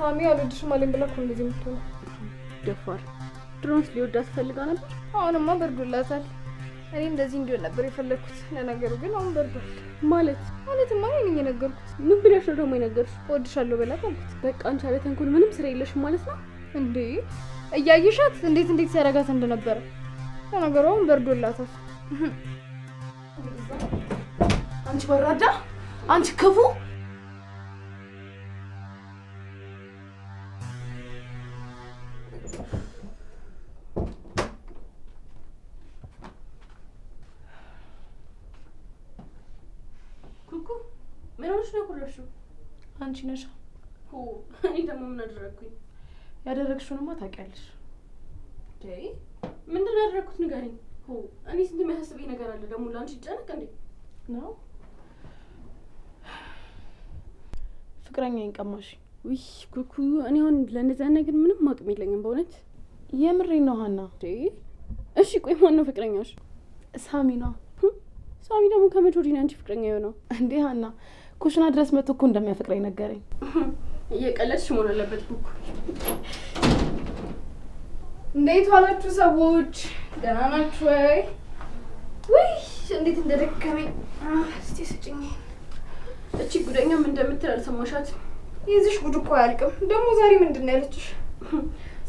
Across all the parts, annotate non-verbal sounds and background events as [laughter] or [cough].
ሳሚ አልወድሽም አለኝ ብላ እኮ እንደዚህ የምትሆነው ደፋር። ድሮንስ ሊወዳት ፈልጋ ነበር። አሁንማ በርዶላታል። እኔ እንደዚህ እንዲሆን ነበር የፈለግኩት። ለነገሩ ግን አሁን በርዷል። ማለት ማለትማ እኔ የነገርኩት ምን ብለሽ ነው ደግሞ የነገርሽ? እወድሻለሁ በላት አልኩት። በቃ አንቺ አለ ተንኮል ምንም ስራ የለሽም ማለት ነው እንዴ? እያየሻት እንዴት እንዴት ሲያረጋት እንደነበረ ለነገሩ አሁን በርዶላታል። አንቺ ወራዳ፣ አንቺ ክፉ ምን ሆነሽ ነው የጎረፍሽው? አንቺ ነሻ። እኔ ደግሞ ምን አደረግኩኝ? ያደረግሽውንማ ታውቂያለሽ። ምንድን ነው ያደረግኩት ንገሪኝ። እኔ ስንት የሚያሳስበኝ ነገር አለ ደግሞ ለአንቺ ይጨነቅ እንዴ ነው? ፍቅረኛ ይንቀማሽ። ውይ ኩኩ፣ እኔ አሁን ለእንደዚያ ነገር ምንም አቅም የለኝም በእውነት የምሬ ነው ሀና። እሺ ቆይ ማን ነው ፍቅረኛሽ? ሳሚ ነው። ሳሚ ደግሞ ከመቼ ወዲህ ነው አንቺ ፍቅረኛ የሆነው እንዴ ሀና? ኩሽና ድረስ መጥቶ እኮ እንደሚያፈቅረኝ ነገረኝ። እየቀለድሽ መሆን አለበት ቡኩ። እንዴት ዋላችሁ ሰዎች? ደህና ናችሁ ወይ? ውይ እንዴት እንደደከመኝ። እስቲ ስጭኝ። እቺ ጉደኛም እንደምትል አልሰማሻት? ይዝሽ ጉድ እኮ አያልቅም። ደግሞ ዛሬ ምንድን ነው ያለችሽ?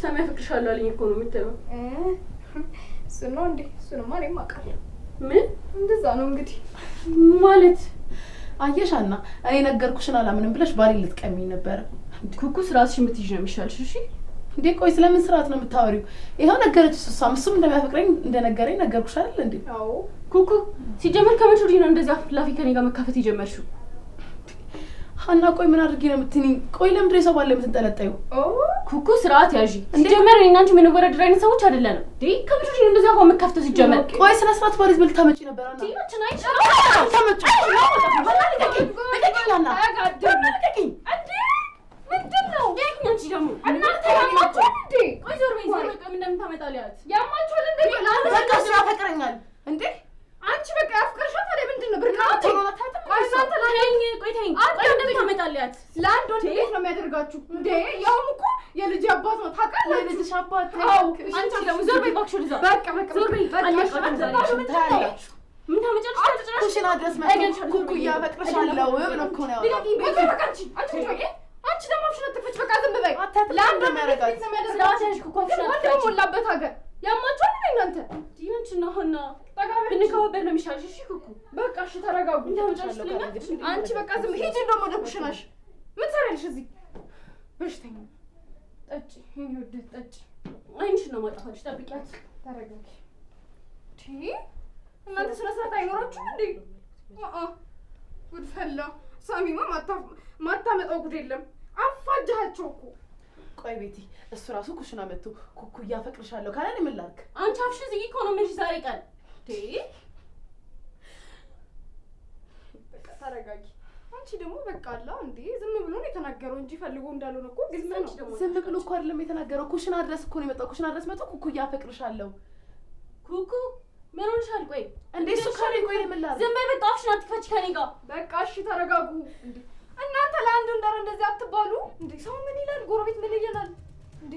ሰሚ ያፈቅርሻለሁ አለኝ እኮ ነው የምትለው። እሱን ነው እንዴ? እሱንማ እኔም አውቃለሁ። ምን እንደዛ ነው እንግዲህ ማለት አየሻና እኔ ነገርኩሽን አላምንም ብለሽ ባሪ ልትቀሚኝ ነበረ። ኩኩስ ራስሽ የምትይዥ ነው የሚሻልሽ። እሺ እንዴ ቆይ ስለምን ስርዓት ነው የምታወሪው? ይኸው ነገረች። እሷም እሱም እንደሚያፈቅረኝ እንደነገረኝ ነገርኩሽ አይደል እንዴ? አዎ ኩኩ፣ ሲጀመር ከመቼ ወዲህ ነው እንደዚህ አፍላፊ ከኔ ጋር መካፈት የጀመርሽው? ሀና ቆይ ምን አድርጌ ነው የምትይኝ? ቆይ ለምድር ሰው ባለ የምትንጠለጠዩ ኩኩ ስርዓት ያዥ። ሲጀመር እኔ እና አንቺ አይነት ሰዎች አይደለንም። ከምድር እንደዚያ ሆ የምከፍተው ሲጀመር ቆይ ስነ ስርዓት ባሪዝ ብል ተመጪ ነበር አንቺ በቃ ያፍቅርሻት ታዲያ ምንድን ነው? ብርቅ ነው ተማታትም። ቆይ እናንተ ለአንድ ቆይ ተይኝ፣ ቆይ እንደምታመጣላት ለአንድ ወንድ ቤት ነው የሚያደርጋችሁ እንዴ? ያውም እኮ የልጅ አባት ነው ታውቃለህ። የልጅሽ አባት አው አንቺ ደግሞ ዞር በይ እባክሽ፣ ልዛ በቃ በቃ ዞር በይ በቃ ታያለሽ። ምን ታመጫለሽ? ኩሽና ድረስ መጥቶ ኩኩያ በቅርሻለሁ ነው እኮ ነው ያለው። በቃ አንቺ አንቺ ቆይ አንቺ ደግሞ አፍሽን አትክፈች። በቃ ዝም በይ። ለአንድ ወንድ ቤት ነው የሚያደርጋችሁ። ወንድ በሞላበት ሀገር ያማችኋል እናንተ ሆና ብንከባበል ነው የሚሻልሽ። እሺ ኩኩ፣ በቃ እሺ፣ ተረጋጉ። አንቺ በቃ ዝም ሂጂ። ወደ ኩሽናሽ ምን እዚህ? በሽተኛ ጠጪ፣ ይሄን ጠጪ። አይንሽ ነው ጠብቂያት፣ ተረጋጊ። እናንተ ስነ ስርዓት አይኖራችሁም እንዴ? ጉድ ፈላ። ሳሚማ ማታመጣው ጉድ የለም። እኮ ቆይ እሱ ራሱ ኩሽና መጥቶ ኩኩ እያፈቅርሻለሁ ምን ላድርግ? አንቺ አፍሽ ዝጊ እኮ ነው የምልሽ ዛሬ ቀን በቃ ተረጋጊ። አንቺ ደግሞ በቃ አላ እንዴ ዝም ብሎ ነው የተናገረው እንጂ ፈልጎ እንዳልሆነ እኮ ነው። ዝም ብሎ እኮ አይደለም የተናገረው። ኩሽና ድረስ እኮ ነው የመጣው። ኩሽና ድረስ መጥቶ ኩኩ እያፈቅርሻለሁ። ኩኩ ምን ሆንሻል? ቆይ እንዴ እሱ ቆይ ዝም በይ በቃ አፍሽን አትክፈች ከኔ ጋር በቃ እሺ፣ ተረጋጉ። እናንተ ለአንዱ እንደዚህ አትባሉ እንዴ። ሰው ምን ይላል? ጎረቤት ምን ይላል እንዴ?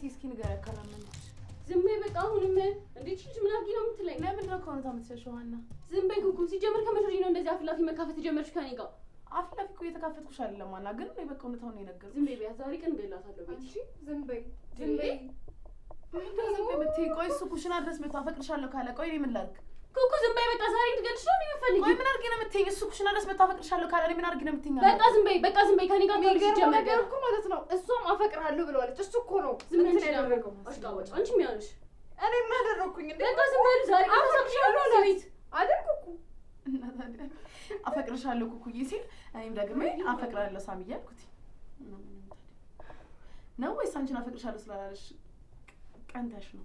ቤት እስኪ ንገረኝ ከለመንኩሽ። ዝም በይ በቃ። አሁንም እንዴት ልጅ ምን አድርጊ ነው የምትለኝ? ለምንድን ነው ከሆነ ታምትሸሸው? ዋና ዝም በይ ኩኩ። ሲጀምር ከመቼ ወዲህ ነው እንደዚህ አፍላፊ መካፈት የጀመርሽ ከኔ ጋር? አፍላፊ እኮ እየተካፈትኩሽ አይደለም ዋና። ግን እኔ በቃ እውነታውን ነው የነገርኩሽ። ዝም በይ። ዛሬ ቀን ገላታለሁ። እሺ ዝም በይ፣ ዝም በይ። ምንድን ነው የምትይኝ? ቆይ እሱ ኩሽና ድረስ መጥቶ አፈቅርሻለሁ ካለ ቆይ እኔ ምን ላድርግ? ኩኩ ዝም በይ በቃ። ዛሬ እንድገልሽ ነው የምፈልጊው። ወይ ምን አድርጌ ነው የምትይኝ? እሱ ኩሽና ድረስ መጣ አፈቅርሻለሁ ካለ ምን አድርጌ ነው የምትይኝ? በቃ ዝም በይ በቃ ዝም በይ። ከኔ ጋር ነገር እኮ ማለት ነው እሷም አፈቅርሃለሁ ብለዋለች። እሱ እኮ ነው ዝም ብለሽ ያደረገው አሽቃባጭ። አንቺ ምን ያለሽ? እኔ ምን አደረኩኝ? በቃ ዝም በይ። ዛሬ አፈቅርሻለሁ ለቤት አይደል ኩኩ አፈቅርሻለሁ ኩኩዬ ሲል እኔም ደግሜ አፈቅራለሁ ሳምዬ አልኩት ነው ወይስ አንቺን አፈቅርሻለሁ ስላላለሽ ቀንተሽ ነው?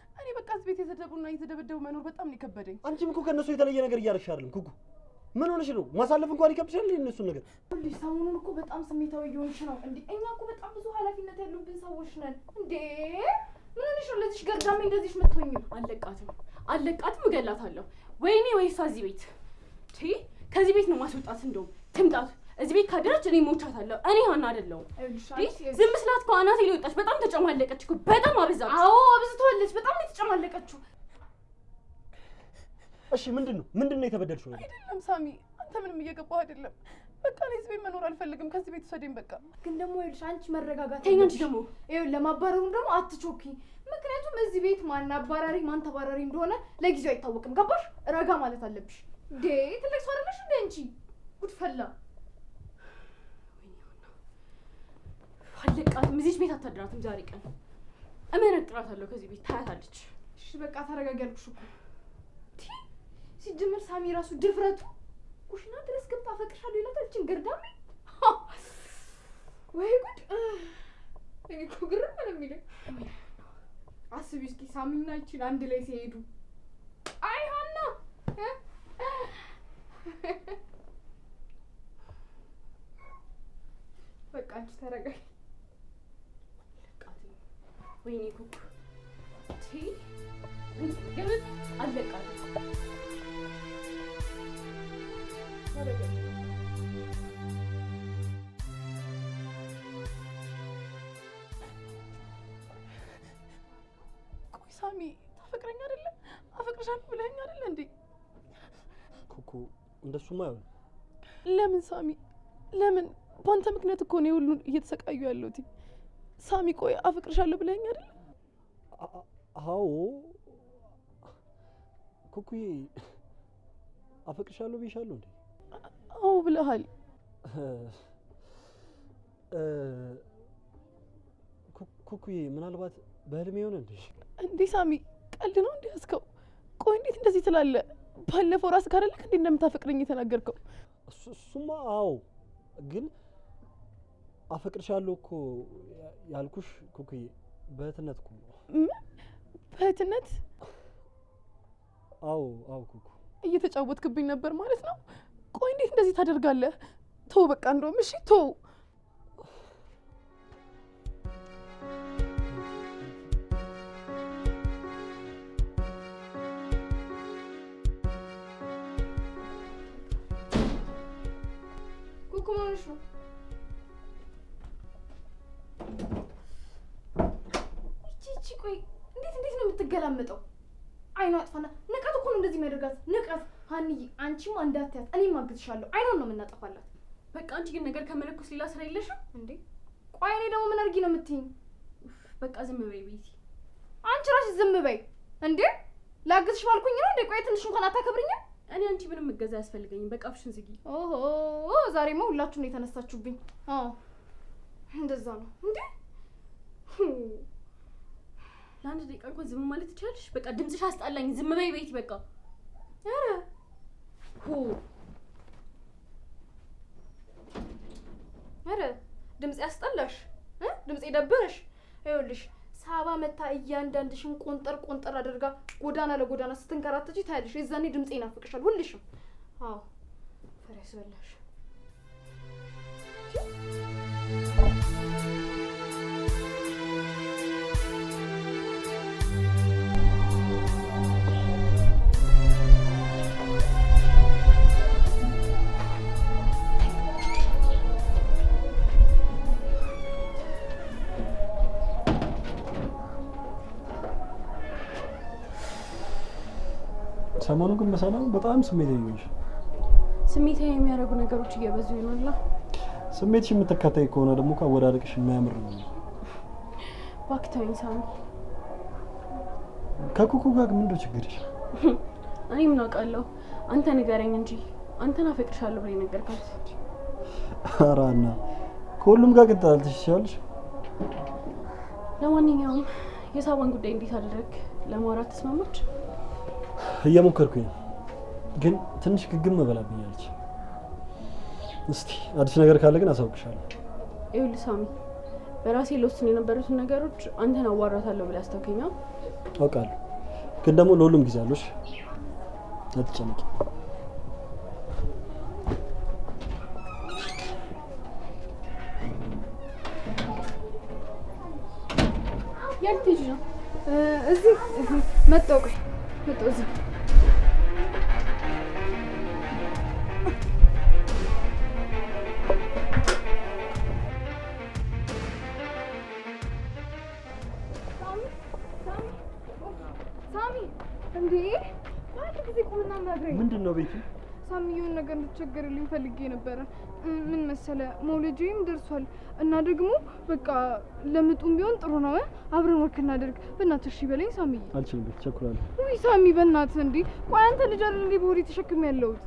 እኔ በቃ እዚህ ቤት የተደቡና የተደበደቡ መኖር በጣም ነው የከበደኝ። አንቺም እኮ ከእነሱ የተለየ ነገር እያደረግሽ አይደለም ኩኩ። ምን ሆነሽ ነው? ማሳለፍ እንኳን ይከብድሻል እነሱን ነገር። ልጅ ሰሞኑን እኮ በጣም ስሜታዊ እየሆንሽ ነው እንዴ? እኛ እኮ በጣም ብዙ ኃላፊነት ያሉብን ሰዎች ነን እንዴ። ምን ሆነሽ ነው ለዚሽ ገርዳሜ እንደዚህ ምትሆኝ? አለቃትም አለቃትም እገላታለሁ። ወይኔ ወይ እሷ እዚህ ቤት ከዚህ ቤት ነው ማስወጣት። እንደውም ትምጣት እዚህ ቤት ካደረች እኔ ሞቻታለሁ። እኔ ሀና አይደለሁም። ዝም ስላት እኮ አናቴ ሊወጣች በጣም ተጨማለቀች እኮ በጣም አበዛ። አዎ አብዝተዋለች። በጣም ነው የተጨማለቀችው። እሺ ምንድን ነው ምንድን ነው የተበደልሽው? አይደለም ሳሚ፣ አንተ ምንም እየገባህ አይደለም። በቃ እኔ እዚህ ቤት መኖር አልፈልግም። ከዚህ ቤት ውሰደኝ በቃ። ግን ደግሞ ይኸውልሽ አንቺ መረጋጋት ተይኝ። አንቺ ደግሞ ይኸውልሽ ለማባረሩ ደግሞ አትቾኪ። ምክንያቱም እዚህ ቤት ማን አባራሪ ማን ተባራሪ እንደሆነ ለጊዜው አይታወቅም። ገባሽ? ረጋ ማለት አለብሽ። ዴ ትልቅ ሰው አይደለሽ እንደ አንቺ ጉድፈላ አለቃትም። እዚች ቤት አታድራትም። ዛሬ ቀን እመነጥራታለሁ ከዚህ ቤት ታያታለች። እሺ በቃ እኮ። ሲጀምር ሳሚ ራሱ ድፍረቱ ኩሽና ድረስ ገብታ አፈቅርሻለሁ ይላታል። ወይ ጉድ! እኔ እኮ ግርም ነው የሚለኝ። አስቢ እስኪ ሳሚና ይችን አንድ ላይ ሲሄዱ በቃ አንቺ ተረጋጊ ወይኔ ኩኩ ገበዝ አለቃለ ቆይ ሳሚ ታፈቅረኝ አይደለም አፈቅርሻለሁ ብለኸኝ አይደለ እንዴ? ኩኩ እንደሱማ ለምን ሳሚ ለምን? በአንተ ምክንያት እኮ ነው እየተሰቃዩ ያለሁት። ሳሚ ቆይ አፍቅርሻለሁ ብለኸኝ አይደል? አዎ ኩኩዬ አፍቅርሻለሁ ብዬሻለሁ እንዴ? አዎ ብለሃል። ኩኩዬ ምናልባት በህልሜ የሆነ እንዴ? እንዴ ሳሚ ቀልድ ነው እንዴ ያዝከው? ቆይ እንዴት እንደዚህ ትላለህ? ባለፈው ራስ ካደለክ እንዴ እንደምታፈቅረኝ የተናገርከው? እሱማ አዎ ግን አፈቅርሻለሁ እኮ ያልኩሽ ኩኩዬ በእህትነት እኮ ነው። በእህትነት? አዎ አዎ። ኩኩ እየተጫወትክብኝ ነበር ማለት ነው። ቆይ እንዴት እንደዚህ ታደርጋለህ? ተው በቃ እንደውም እሺ ተው። ኩኩ ቆይ እንዴት እንዴት ነው የምትገላመጠው? አይኗ አጥፋና ንቀት እኮ ነው እንደዚህ የሚያደርጋት ንቀት። ሀኒዬ አንቺም አንዳትያት፣ እኔም አግዝሻለሁ። አይኗን ነው የምናጠፋላት። በቃ አንቺ ግን ነገር ከመለኮስ ሌላ ስራ የለሽም እንዴ? ቆይ እኔ ደግሞ ምን አድርጊ ነው የምትይኝ? በቃ ዝም በይ ቤቲ፣ አንቺ እራስሽ ዝም በይ እንዴ። ላግዝሽ ባልኩኝ ነው እንዴ? ቆይ ትንሽ እንኳን አታከብርኝም? እኔ አንቺ ምንም እገዛ አያስፈልገኝም። በቃ አፍሽን ዝጊ። ኦሆ ዛሬማ ሁላችሁ ነው የተነሳችሁብኝ። አዎ እንደዛ ነው እንዴ? ለአንድ ደቂቃ እንኳን ዝም ማለት ትችላለሽ? በቃ ድምፅሽ አስጣላኝ። ዝም በይ ቤት በቃ ኧረ ሆ ኧረ ድምፅ ያስጠላሽ፣ ድምፅ የደበረሽ። ይኸውልሽ ሳባ መታ እያንዳንድሽን ቆንጠር ቆንጠር አድርጋ ጎዳና ለጎዳና ስትንከራተች ታያለሽ። የዛኔ ድምፅ ይናፍቅሻል ሁልሽም። አዎ ፈሪያ ስበላሽ ሰሞኑ ግን በሰላም በጣም ስሜት ነሽ። ስሜት የሚያደርጉ ነገሮች እየበዙ ይሆናል። ስሜትሽ የምትከታይ ከሆነ ደግሞ ከአወዳደቅሽ የማያምር ነው። ባክታዊን ሳሚ፣ ከኩኩ ጋር ምንድን ነው ችግርሽ? እኔ ምን አውቃለሁ? አንተ ንገረኝ እንጂ አንተን አፈቅርሻለሁ ብለህ ነገርካት። አራና ከሁሉም ጋር ቅጣልትሽ ይችላልሽ። ለማንኛውም የሳባን ጉዳይ እንዴት አደረግ ለማውራት ተስማማች? እየሞከርኩኝ ግን ትንሽ ግግም መበላብኛለች። እስቲ አዲስ ነገር ካለ ግን አሳውቅሻለሁ። ይኸውልህ ሳሚ፣ በራሴ ለውስን የነበሩትን ነገሮች አንተን አዋራታለሁ ብለህ አስታውከኛል። አውቃለሁ፣ ግን ደግሞ ለሁሉም ጊዜ አለሽ። አትጨነቂ። ያልትጅ ነው እዚህ መጣሁ። ቆይ እዚህ ምንድን ነው ቤቲ? ሳምዬውን ነገር እንድትቸገርልኝ ፈልጌ ነበረ። ምን መሰለ መውለጃዬም ደርሷል እና ደግሞ በቃ ለምጡም ቢሆን ጥሩ ነው። አብረን ወክ እናደርግ። በእናትህ እሺ በለኝ ሳምዬ። አልችልም ቤት፣ ቸኩላለሁ። ውይ ሳሚ፣ በእናትህ እንዴ! ቆይ አንተ ልጅ አይደል እንዴ በሆዴ ተሸክሜ ያለሁት?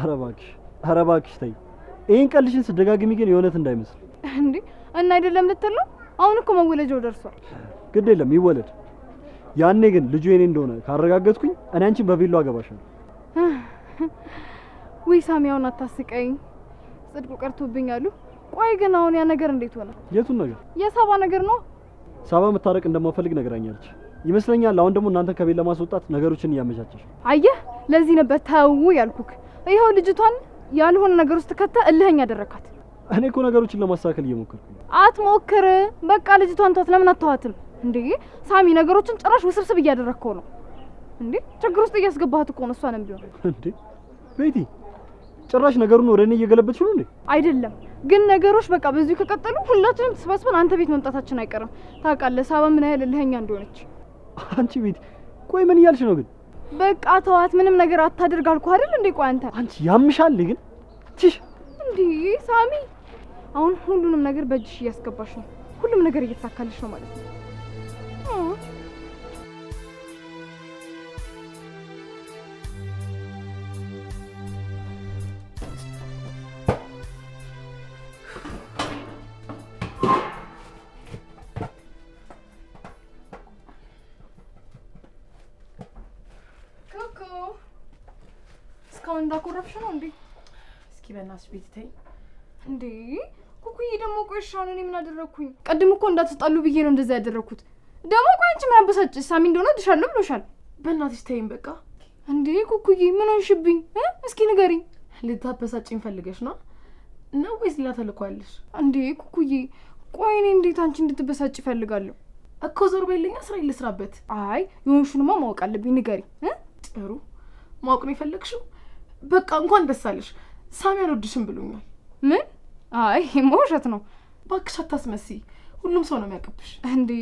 ኧረ እባክሽ፣ ኧረ እባክሽ ተይ። ይህን ቀልሽን ስደጋግሚ ግን የእውነት እንዳይመስል እንዴ። እና አይደለም ልትል ነው? አሁን እኮ መወለጃው ደርሷል። ግድ የለም ይወለድ። ያኔ ግን ልጁ የኔ እንደሆነ ካረጋገጥኩኝ እኔ አንቺን በቪሎ አገባሻል። [sighs] ውይ ሳሚያውን አታስቀኝ። ጽድቁ ቀርቶብኝ አሉ። ቆይ ግን አሁን ያ ነገር እንዴት ሆነ? የቱን ነገር? የሳባ ነገር ነው። ሳባ መታረቅ እንደማፈልግ ነግራኛለች ይመስለኛል። አሁን ደግሞ እናንተ ከቤት ለማስወጣት ነገሮችን እያመቻቸሽ። አየህ፣ ለዚህ ነበር ተው ያልኩክ። ይኸው ልጅቷን ያልሆነ ነገር ውስጥ ከተ እልህኝ ያደረካት። እኔ እኮ ነገሮችን ለማስተካከል እየሞከርኩ። አትሞክር በቃ። ልጅቷን ተዋት። ለምን አትተዋትም? እንዴ ሳሚ፣ ነገሮችን ጭራሽ ውስብስብ እያደረግከው ነው እንዴ! ችግር ውስጥ እያስገባህት እኮ ነው። እሷንም ቢሆን እንዴ ቤቲ፣ ጭራሽ ነገሩን ወደ እኔ እየገለበጥሽ ነው እንዴ? አይደለም ግን ነገሮች በቃ በዚሁ ከቀጠሉ ሁላችንም ተሰባስበን አንተ ቤት መምጣታችን አይቀርም። ታውቃለህ ሳባ ምን ያህል እልኸኛ እንደሆነች። አንቺ ቤት ቆይ ምን እያልሽ ነው ግን? በቃ ተዋት፣ ምንም ነገር አታደርግ አልኩህ አይደል እንዴ? ቆይ አንተ አንቺ ያምሻል ግን ትሽ እንዴ ሳሚ፣ አሁን ሁሉንም ነገር በእጅሽ እያስገባሽ ነው። ሁሉም ነገር እየተሳካልሽ ነው ማለት ነው። እስካሁን እንዳኮረፍሽ ነው እንዴ? እስኪ በእናትሽ ቤት ተይ እንዴ። ኩኩዬ ደግሞ ቆይ እሺ፣ አሁን እኔ ምን አደረግኩኝ? ቀድም እኮ እንዳትጣሉ ብዬ ነው እንደዛ ያደረግኩት። ደግሞ ቆይ አንቺ ምን አበሳጭ ሳሚ እንደሆነ እድሻለሁ ብሎሻል። በእናትሽ ተይኝ በቃ። እንዴ ኩኩዬ ምን ሆንሽብኝ? እስኪ ንገሪኝ። ልታበሳጭኝ ፈልገሽ ነው ነው ወይስ ሌላ ተልኳለሽ? እንዴ ኩኩዬ ቆይ እኔ እንዴት አንቺ እንድትበሳጭ እፈልጋለሁ እኮ ዞር በይልኛ፣ ስራ ይልስራበት። አይ የሆንሽንማ ማወቅ አለብኝ። ንገሪኝ። ጥሩ ማወቅ ነው የፈለግሽው? በቃ እንኳን ደስ አለሽ። ሳሚ አልወድሽም ብሎኛል። ምን? አይ ውሸት ነው። እባክሽ አታስመስይ። ሁሉም ሰው ነው የሚያቀብሽ። እንዴ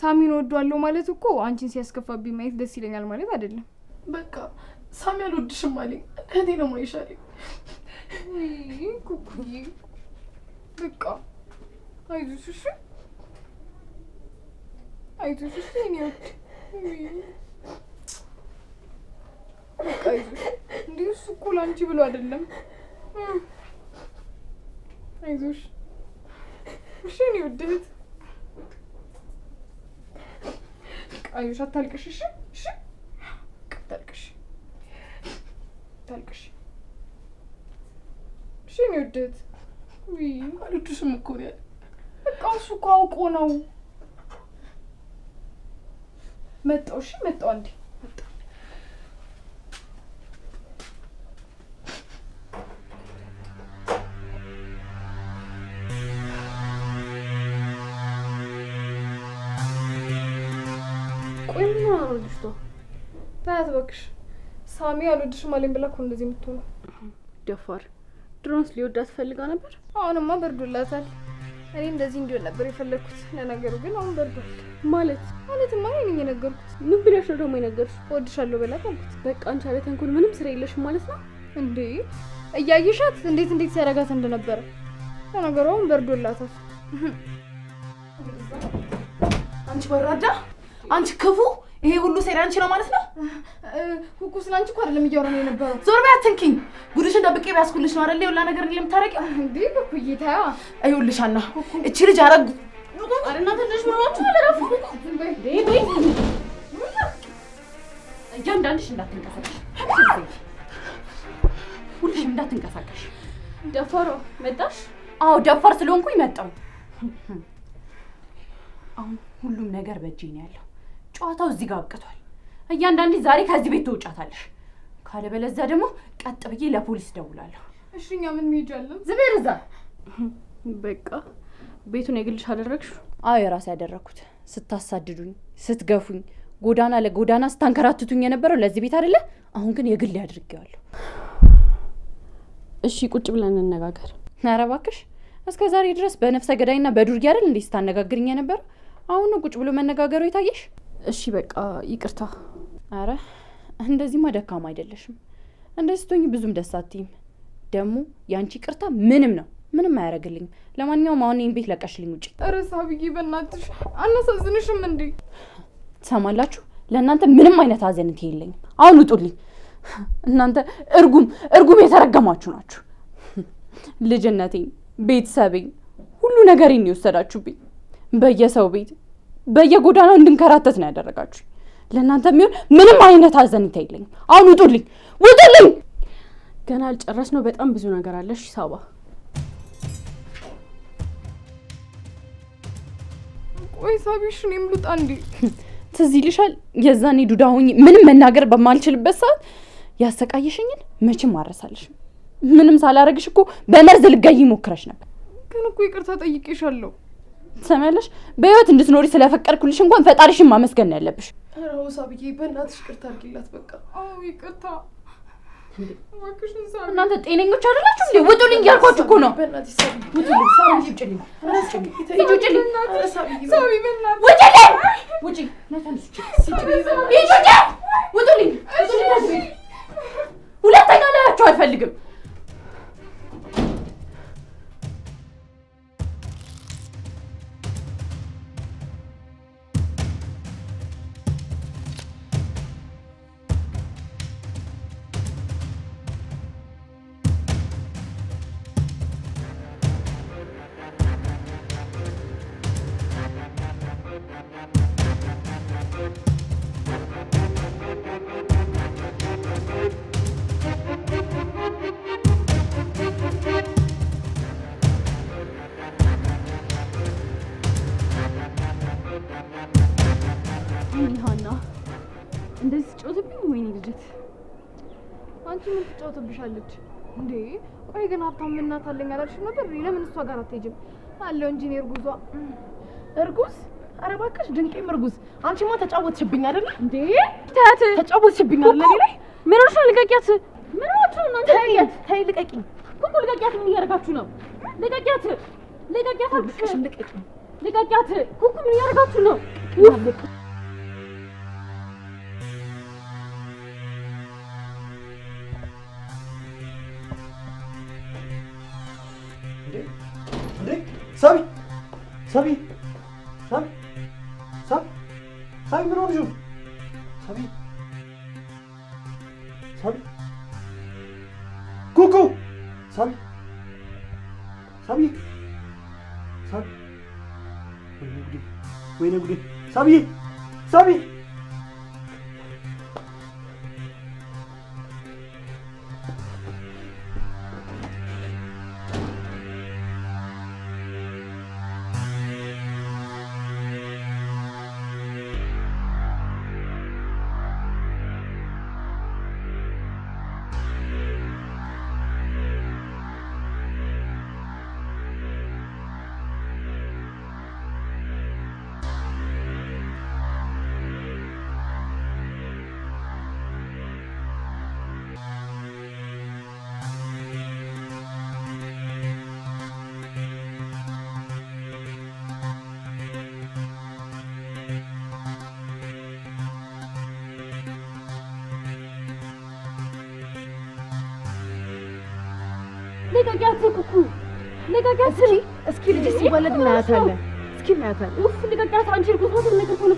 ሳሚን ወዷለሁ ማለት እኮ አንቺን ሲያስከፋብኝ ማየት ደስ ይለኛል ማለት አይደለም። በቃ ሳሚ አልወድሽም አለኝ። እኔ ነው ማይሻል ኩኩዬ። በቃ አይዞሽ፣ እሺ አይዞሽ፣ እሺ እንዲሁ እሱ እኮ ለአንቺ ብሎ አይደለም። አይዞሽ እሺ፣ እኔ ውድ እህት አታልቅሽ። እሺ እሺ፣ አታልቅሽ፣ አታልቅሽ። እሺ፣ እኔ አልወድሽም እኮ ነው ያለ። በቃ እሱ እኮ አውቆ ነው መጣው። እሺ፣ መጣው አንዴ ሳሚ አልወድሽም አለኝ ብላ እኮ እንደዚህ የምትሆነው ደፋር። ድሮንስ ሊወዳት ፈልጋ ነበር። አሁንማ በርዶላታል። እኔ እንደዚህ እንዲሆን ነበር የፈለግኩት። ለነገሩ ግን አሁን በርዷል። ማለት ማለትማ እኔ የነገርኩት ምን ብለሽ ነው ደግሞ የነገርሽ? እወድሻለሁ በላት አልኩት። በቃ አንቺ ተንኮል ምንም ስራ የለሽም ማለት ነው እንዴ? እያየሻት እንዴት እንዴት ሲያረጋት እንደነበረ። ለነገሩ አሁን በርዶላታል። አንቺ ወራዳ፣ አንቺ ክፉ ይሄ ሁሉ ሴራ አንቺ ነው ማለት ነው? ኩኩ ስለ አንቺ እኮ አይደለም እያወራን የነበረው። ዞር በይ አትንኪኝ። ጉድሽን ደብቄ ቢያስኩልሽ ነው አይደል? የሁላ ነገር ለምታረቂው እንዴ? ኩኩ ይታ አይውልሽ አና እቺ ልጅ አረጉ አረና ትንሽ ምሮቹ አለራፉ እያንዳንድሽ እንዳትንቀሳቀሽ፣ ሁልሽም እንዳትንቀሳቀሽ። ደፈሮ መጣሽ? አዎ ደፋር ስለሆንኩኝ መጣሁ። አሁን ሁሉም ነገር በእጄ ነው ያለው ጨዋታው እዚህ ጋር አብቅቷል። እያንዳንዴ ዛሬ ከዚህ ቤት ትወጫታለሽ፣ ካለበለዚያ ደግሞ ቀጥ ብዬ ለፖሊስ ደውላለሁ። እሺ እኛ ምን እንሄጃለን? ዝም በይ እዛ። በቃ ቤቱን የግልሽ አደረግሽው? አዎ የራሴ ያደረግኩት። ስታሳድዱኝ፣ ስትገፉኝ፣ ጎዳና ለጎዳና ስታንከራትቱኝ የነበረው ለዚህ ቤት አይደለ? አሁን ግን የግል አድርጌዋለሁ። እሺ ቁጭ ብለን እንነጋገር። ኧረ እባክሽ እስከ ዛሬ ድረስ በነፍሰ ገዳይና በዱርጌ አይደል እንዴ ስታነጋግርኝ የነበረ? አሁን ቁጭ ብሎ መነጋገሩ የታየሽ? እሺ በቃ ይቅርታ። አረ እንደዚህማ ደካማ አይደለሽም። እንደዚህ ስትሆኝ ብዙም ደስ አትይም። ደግሞ የአንቺ ይቅርታ ምንም ነው ምንም አያደርግልኝም። ለማንኛውም አሁን ይህን ቤት ለቀሽልኝ ውጭ። ኧረ ሳብዬ በእናትሽ አናሳዝንሽም እንዴ? ትሰማላችሁ? ለእናንተ ምንም አይነት አዘንት የለኝም። አሁን ውጡልኝ እናንተ እርጉም እርጉም የተረገማችሁ ናችሁ። ልጅነቴን፣ ቤተሰቤን፣ ሁሉ ነገሬን የወሰዳችሁብኝ በየሰው ቤት በየጎዳናው እንድንከራተት ነው ያደረጋችሁ። ለእናንተ የሚሆን ምንም አይነት አዘኔታ የለኝም። አሁን ውጡልኝ፣ ውጡልኝ! ገና አልጨረስ ነው። በጣም ብዙ ነገር አለሽ ሳባ። ቆይ ሳቢሽ፣ እኔም ልውጣ እንዴ? ትዝ ይልሻል የዛኔ ዱዳ ሆኜ ምንም መናገር በማልችልበት ሰዓት ያሰቃየሽኝን መቼም አረሳልሽም። ምንም ሳላረግሽ እኮ በመርዝ ልገይ ሞክረሽ ነበር። ግን እኮ ይቅርታ ጠይቄሻለሁ ትሰሚያለሽ? በህይወት እንድትኖሪ ስለፈቀድኩልሽ እንኳን ፈጣሪሽን ማመስገን ያለብሽ። ረውሳ ብዬ በእናትሽ ይቅርታ አድርጊላት። በቃ አዎ ይቅርታ። እናንተ ጤነኞች አይደላችሁ እንዴ? ውጡልኝ እያልኳችሁ እኮ ነው። ውጭልኝ! ውጭልኝ! ልደት አንቺ ምን ትጫወትብሻለች እንዴ? ቆይ ግን ሀብታም እናት አለኝ አላልሽም ነበር? ለምን እሷ ጋር አትሄጂም? አለው እንጂ እኔ እርጉዟ እርጉዝ ኧረ እባክሽ ድንቄም እርጉዝ። አንቺማ ተጫወትሽብኝ አይደለ እንዴ? ተያት ተጫወትሽብኝ ላይ ምን ሆነሽ ነው? ልቀቂያት። ምን ሆነሽ ነው ተይ ኩኩ ልቀቂያት። ምን እያደረጋችሁ ነው? ልቀቂያት። ልቀቂያት። ልቀቂያት። ኩኩ ምን እያደረጋችሁ ነው? 삽이 삽, 삽, 삽이 밀어줘. 삽이, 삽이, 고고, 삽이, 삽이, 삽, 왜냐 그래, 왜냐 그래, 삽이. ልቀቂያት እኮ ልቀቂያት። እስኪ ልጅ ሲወለድ እናያታለን። እስኪ እናያታለን። ውፍ ልቀቂያት። አንቺ እርጉዝ ናት ነገር ሆነ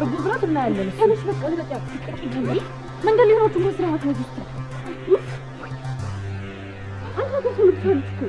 እርጉዝ ናት እናያለን። ተነሽ በቃ ልቀቂያት። መንገድ ሊኖራችሁ እንኳን ነው። ውፍ አንተ ገሱ ልትሆን እኮ